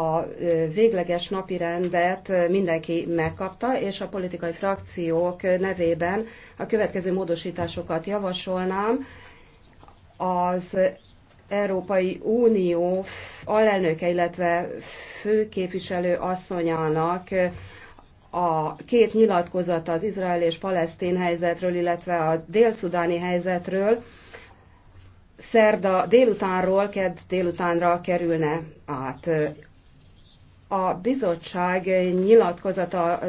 a végleges napirendet mindenki megkapta, és a politikai frakciók nevében a következő módosításokat javasolnám. Az Európai Unió alelnöke, illetve főképviselő asszonyának a két nyilatkozata az izrael és palesztin helyzetről, illetve a délszudáni helyzetről szerda délutánról kedd délutánra kerülne át. A bizottság nyilatkozata a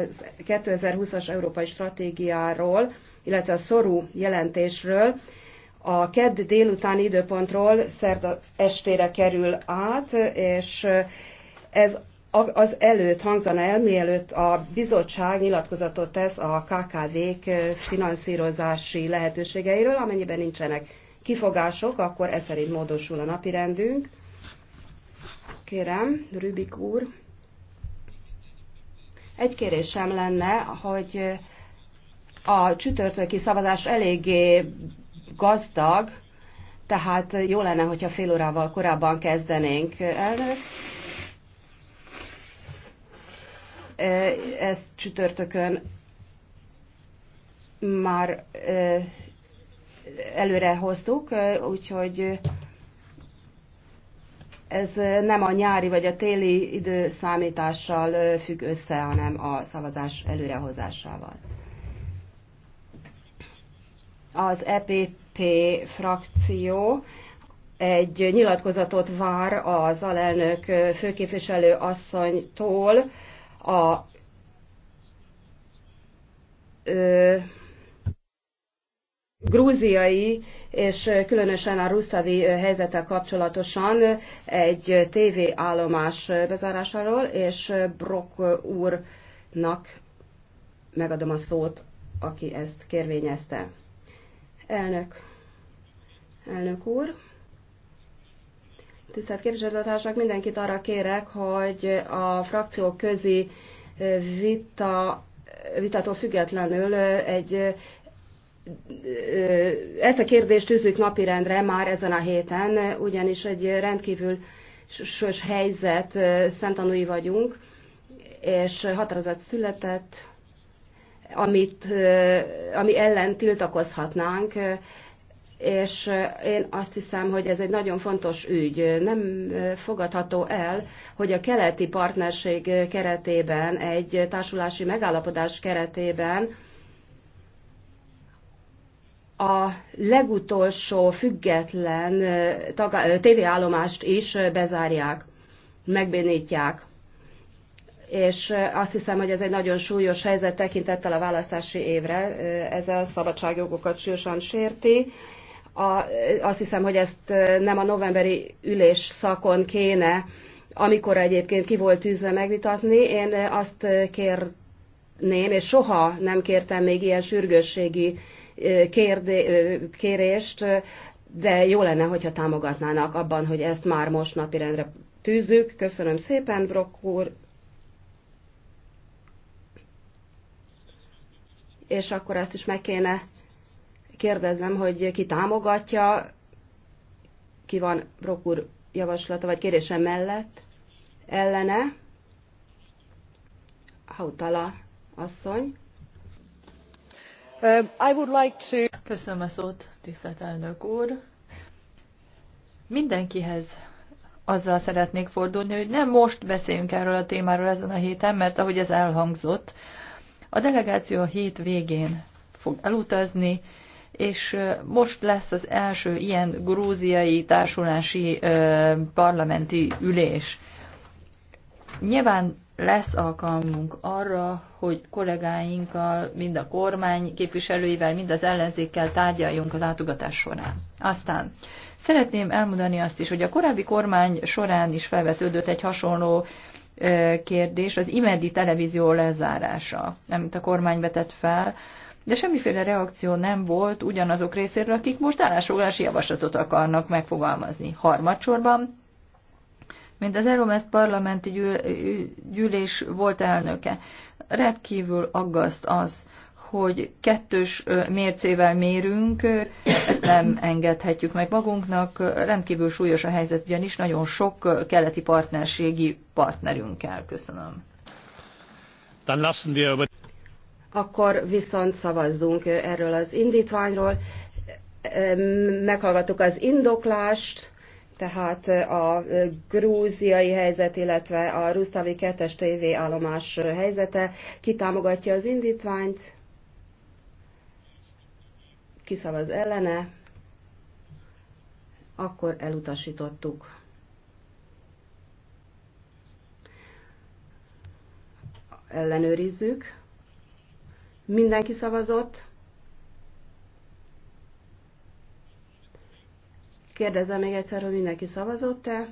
2020-as európai stratégiáról, illetve a szorú jelentésről a kedd délutáni időpontról szerda estére kerül át, és ez az előtt hangzana el, mielőtt a bizottság nyilatkozatot tesz a KKV-k finanszírozási lehetőségeiről, amennyiben nincsenek kifogások, akkor ez szerint módosul a napirendünk. Kérem, Rübik úr. Egy kérésem lenne, hogy a csütörtöki szavazás eléggé gazdag, tehát jó lenne, hogyha fél órával korábban kezdenénk. Elnök, ezt csütörtökön már előre hoztuk, úgyhogy ez nem a nyári vagy a téli időszámítással függ össze, hanem a szavazás előrehozásával. Az EPP frakció egy nyilatkozatot vár az alelnök főképviselő asszonytól a grúziai és különösen a ruszavi helyzettel kapcsolatosan egy TV állomás bezárásáról, és Brock úrnak megadom a szót, aki ezt kérvényezte. Elnök, elnök úr, tisztelt képviselőtársak, mindenkit arra kérek, hogy a frakciók közi vita vitatól függetlenül egy ezt a kérdést tűzzük napirendre már ezen a héten, ugyanis egy rendkívül sos helyzet szemtanúi vagyunk, és határozat született, amit, ami ellen tiltakozhatnánk, és én azt hiszem, hogy ez egy nagyon fontos ügy. Nem fogadható el, hogy a keleti partnerség keretében, egy társulási megállapodás keretében a legutolsó független tévéállomást is bezárják, megbénítják. És azt hiszem, hogy ez egy nagyon súlyos helyzet tekintettel a választási évre. Ez a szabadságjogokat súlyosan sérti. A, azt hiszem, hogy ezt nem a novemberi ülés szakon kéne, amikor egyébként ki volt tűzve megvitatni. Én azt kérném, és soha nem kértem még ilyen sürgősségi kérdé, kérést, de jó lenne, hogyha támogatnának abban, hogy ezt már most napirendre tűzzük. Köszönöm szépen, Brock úr. És akkor ezt is meg kéne kérdeznem, hogy ki támogatja, ki van Brock úr javaslata vagy kérése mellett, ellene. Hautala asszony. Um, Köszönöm a szót, tisztelt elnök úr. Mindenkihez azzal szeretnék fordulni, hogy nem most beszéljünk erről a témáról ezen a héten, mert ahogy ez elhangzott, a delegáció a hét végén fog elutazni, és most lesz az első ilyen grúziai társulási parlamenti ülés. Nyilván lesz alkalmunk arra, hogy kollégáinkkal, mind a kormány képviselőivel, mind az ellenzékkel tárgyaljunk a látogatás során. Aztán szeretném elmondani azt is, hogy a korábbi kormány során is felvetődött egy hasonló kérdés, az imedi televízió lezárása, amit a kormány vetett fel, de semmiféle reakció nem volt ugyanazok részéről, akik most állásfoglalási javaslatot akarnak megfogalmazni. Harmadsorban mint az Euromest parlamenti gyűlés volt elnöke. Rendkívül aggaszt az, hogy kettős mércével mérünk, ezt nem engedhetjük meg magunknak, rendkívül súlyos a helyzet, ugyanis nagyon sok keleti partnerségi partnerünkkel. Köszönöm. Akkor viszont szavazzunk erről az indítványról. Meghallgattuk az indoklást, tehát a grúziai helyzet, illetve a Rusztavi 2-es TV állomás helyzete. Ki támogatja az indítványt? Kiszavaz ellene? Akkor elutasítottuk. Ellenőrizzük. Mindenki szavazott? Kérdezem még egyszer, hogy mindenki szavazott-e?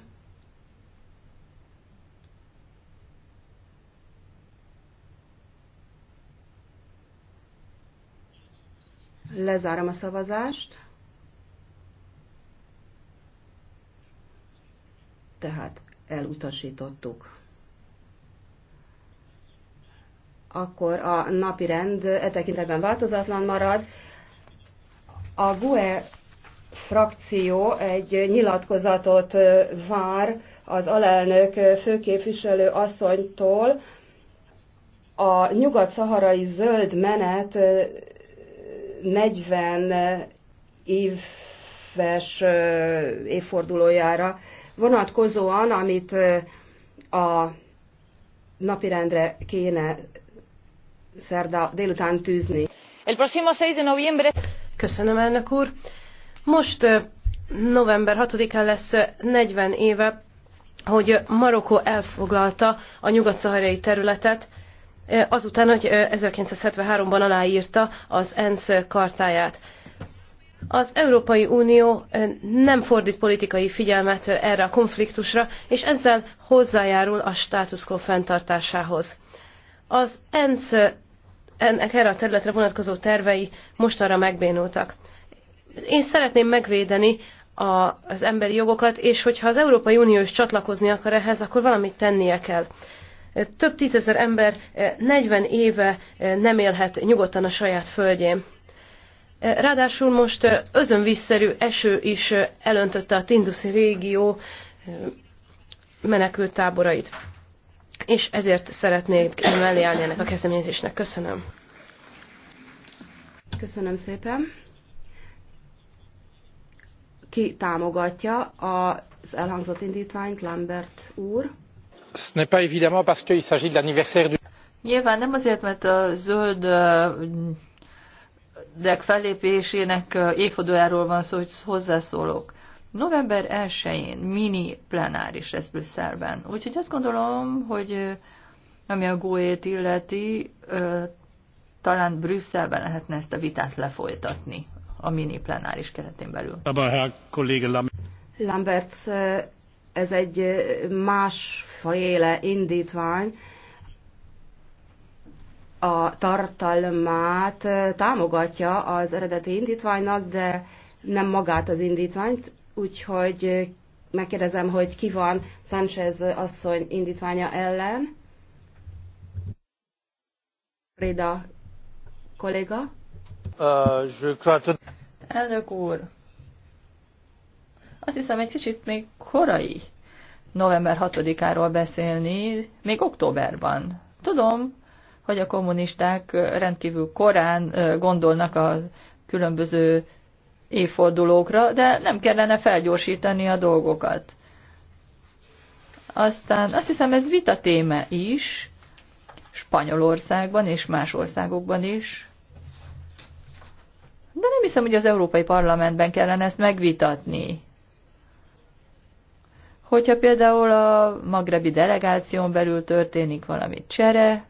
Lezárom a szavazást. Tehát elutasítottuk. Akkor a napi rend e tekintetben változatlan marad. A GUE frakció egy nyilatkozatot vár az alelnök főképviselő asszonytól a nyugat-szaharai zöld menet 40 éves évfordulójára vonatkozóan, amit a napirendre kéne szerda délután tűzni. Köszönöm, elnök úr! Most november 6-án lesz 40 éve, hogy Marokkó elfoglalta a nyugat-szaharai területet, azután, hogy 1973-ban aláírta az ENSZ kartáját. Az Európai Unió nem fordít politikai figyelmet erre a konfliktusra, és ezzel hozzájárul a status quo fenntartásához. Az ENSZ ennek erre a területre vonatkozó tervei mostanra megbénultak. Én szeretném megvédeni a, az emberi jogokat, és hogyha az Európai Unió is csatlakozni akar ehhez, akkor valamit tennie kell. Több tízezer ember 40 eh, éve eh, nem élhet nyugodtan a saját földjén. Eh, ráadásul most özönvízszerű eső is elöntötte a Tinduszi régió menekült táborait. És ezért szeretnék mellé állni ennek a kezdeményezésnek. Köszönöm. Köszönöm szépen. Ki támogatja az elhangzott indítványt, Lambert úr? Ce n'est pas évidemment parce qu'il s'agit de l'anniversaire du... Nyilván nem azért, mert a zöld dek fellépésének évfordulójáról van szó, hogy hozzászólok. November 1-én mini plenáris lesz Brüsszelben. Úgyhogy azt gondolom, hogy ami a Góét illeti, talán Brüsszelben lehetne ezt a vitát lefolytatni a mini plenáris keretén belül. Lambert, eh, ez egy eh, másfajéle indítvány, a tartalmát eh, támogatja az eredeti indítványnak, de nem magát az indítványt, úgyhogy megkérdezem, hogy ki van Sánchez asszony indítványa ellen. Réda kolléga. Uh, Elnök úr, azt hiszem egy kicsit még korai november 6-áról beszélni, még októberban. Tudom, hogy a kommunisták rendkívül korán gondolnak a különböző évfordulókra, de nem kellene felgyorsítani a dolgokat. Aztán azt hiszem ez vita téma is, Spanyolországban és más országokban is. De nem hiszem, hogy az Európai Parlamentben kellene ezt megvitatni. Hogyha például a magrebi delegáción belül történik valami csere,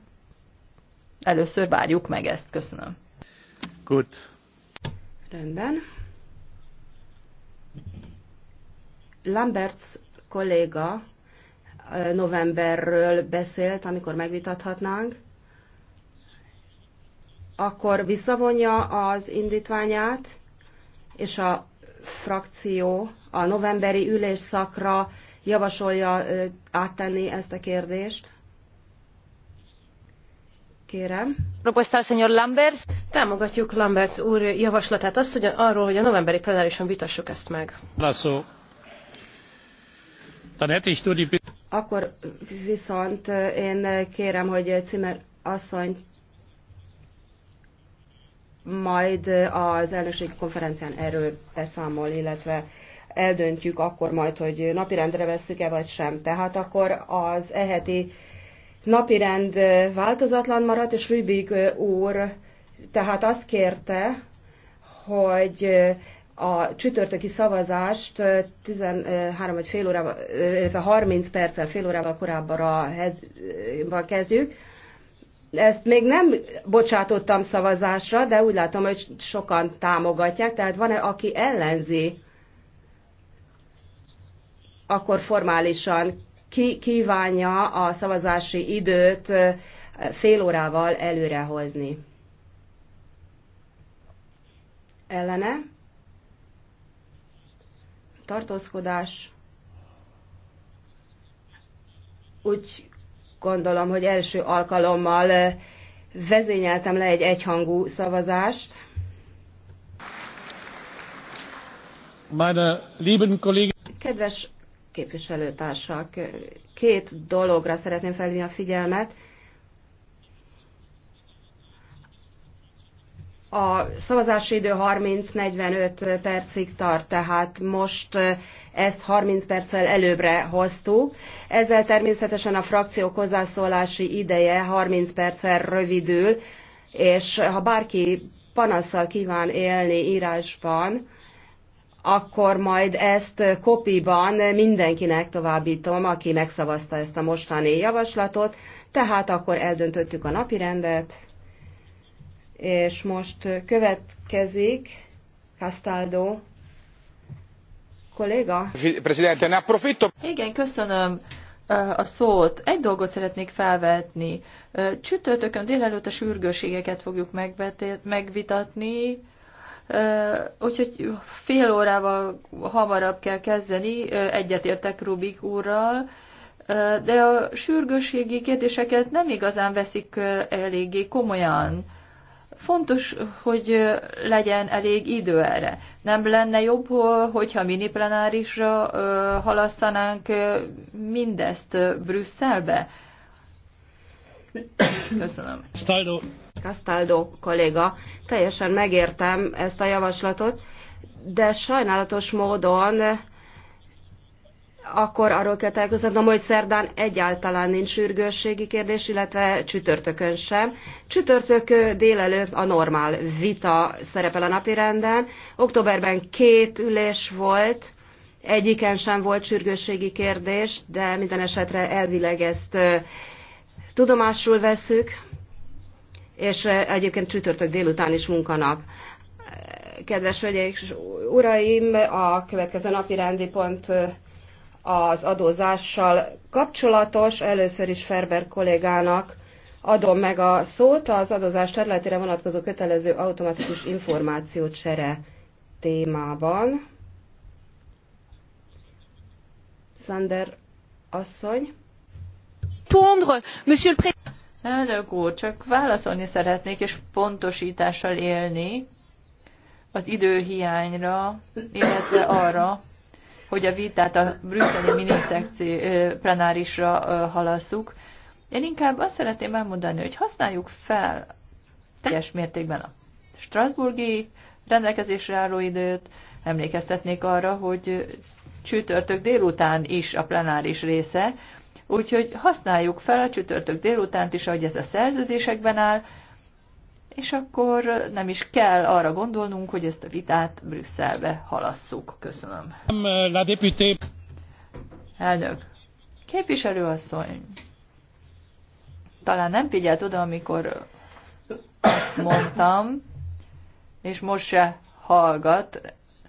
először várjuk meg ezt. Köszönöm. Good. Rendben. Lamberts kolléga eh, novemberről beszélt, amikor megvitathatnánk akkor visszavonja az indítványát, és a frakció a novemberi ülésszakra javasolja áttenni ezt a kérdést. Kérem. Propuesta señor Lambers. Támogatjuk Lambers úr javaslatát azt, hogy arról, hogy a novemberi plenárison vitassuk ezt meg. Lasso. Akkor viszont én kérem, hogy Cimer asszonyt majd az elnökségi konferencián erről beszámol, illetve eldöntjük akkor majd, hogy napirendre vesszük-e vagy sem. Tehát akkor az eheti napirend változatlan maradt, és Rübig úr tehát azt kérte, hogy a csütörtöki szavazást 13 vagy fél órával, illetve 30 perccel fél órával korábbra kezdjük, ezt még nem bocsátottam szavazásra, de úgy látom, hogy sokan támogatják, tehát van-e, aki ellenzi, akkor formálisan ki kívánja a szavazási időt fél órával előrehozni. Ellene? Tartózkodás? Úgy gondolom, hogy első alkalommal vezényeltem le egy egyhangú szavazást. Meine lieben Kollegen. Kedves képviselőtársak, két dologra szeretném felvinni a figyelmet. A szavazási idő 30-45 percig tart, tehát most ezt 30 perccel előbbre hoztuk. Ezzel természetesen a frakció hozzászólási ideje 30 perccel rövidül, és ha bárki panaszsal kíván élni írásban, akkor majd ezt kopiban mindenkinek továbbítom, aki megszavazta ezt a mostani javaslatot. Tehát akkor eldöntöttük a napi rendet, és most következik Castaldo kolléga? Igen, köszönöm eh, a szót. Egy dolgot szeretnék felvetni. Eh, csütörtökön délelőtt a sürgőségeket fogjuk megvitatni, eh, úgyhogy fél órával hamarabb kell kezdeni, egyetértek Rubik úrral, de a sürgősségi kérdéseket nem igazán veszik eléggé komolyan Fontos, hogy legyen elég idő erre. Nem lenne jobb, hogyha mini plenárisra halasztanánk mindezt Brüsszelbe? Köszönöm. Castaldo. Castaldo kolléga, teljesen megértem ezt a javaslatot, de sajnálatos módon akkor arról kell tájékoztatnom, hogy szerdán egyáltalán nincs sürgősségi kérdés, illetve csütörtökön sem. Csütörtök délelőtt a normál vita szerepel a renden. Októberben két ülés volt, egyiken sem volt sürgősségi kérdés, de minden esetre elvileg ezt tudomásul veszük, és egyébként csütörtök délután is munkanap kedves hölgyeim és uraim, a következő napi rendi pont az adózással kapcsolatos. Először is Ferber kollégának adom meg a szót az adózás területére vonatkozó kötelező automatikus információcsere témában. Sander asszony. Pondre, monsieur le président. Elnök úr, csak válaszolni szeretnék, és pontosítással élni az időhiányra, illetve arra, hogy a vitát a brüsszeli miniszekci plenárisra halasszuk. Én inkább azt szeretném elmondani, hogy használjuk fel teljes mértékben a Strasburgi rendelkezésre álló időt, emlékeztetnék arra, hogy csütörtök délután is a plenáris része, úgyhogy használjuk fel a csütörtök délutánt is, ahogy ez a szerződésekben áll, és akkor nem is kell arra gondolnunk, hogy ezt a vitát Brüsszelbe halasszuk. Köszönöm. La député. Elnök. Képviselőasszony. Talán nem figyelt oda, amikor mondtam, és most se hallgat.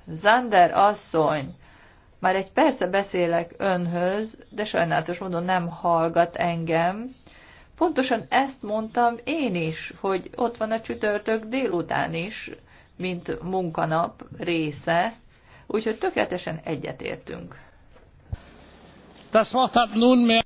Zander asszony, már egy perce beszélek önhöz, de sajnálatos módon nem hallgat engem. Pontosan ezt mondtam én is, hogy ott van a csütörtök délután is, mint munkanap része, úgyhogy tökéletesen egyetértünk. Das Wort hat nunmehr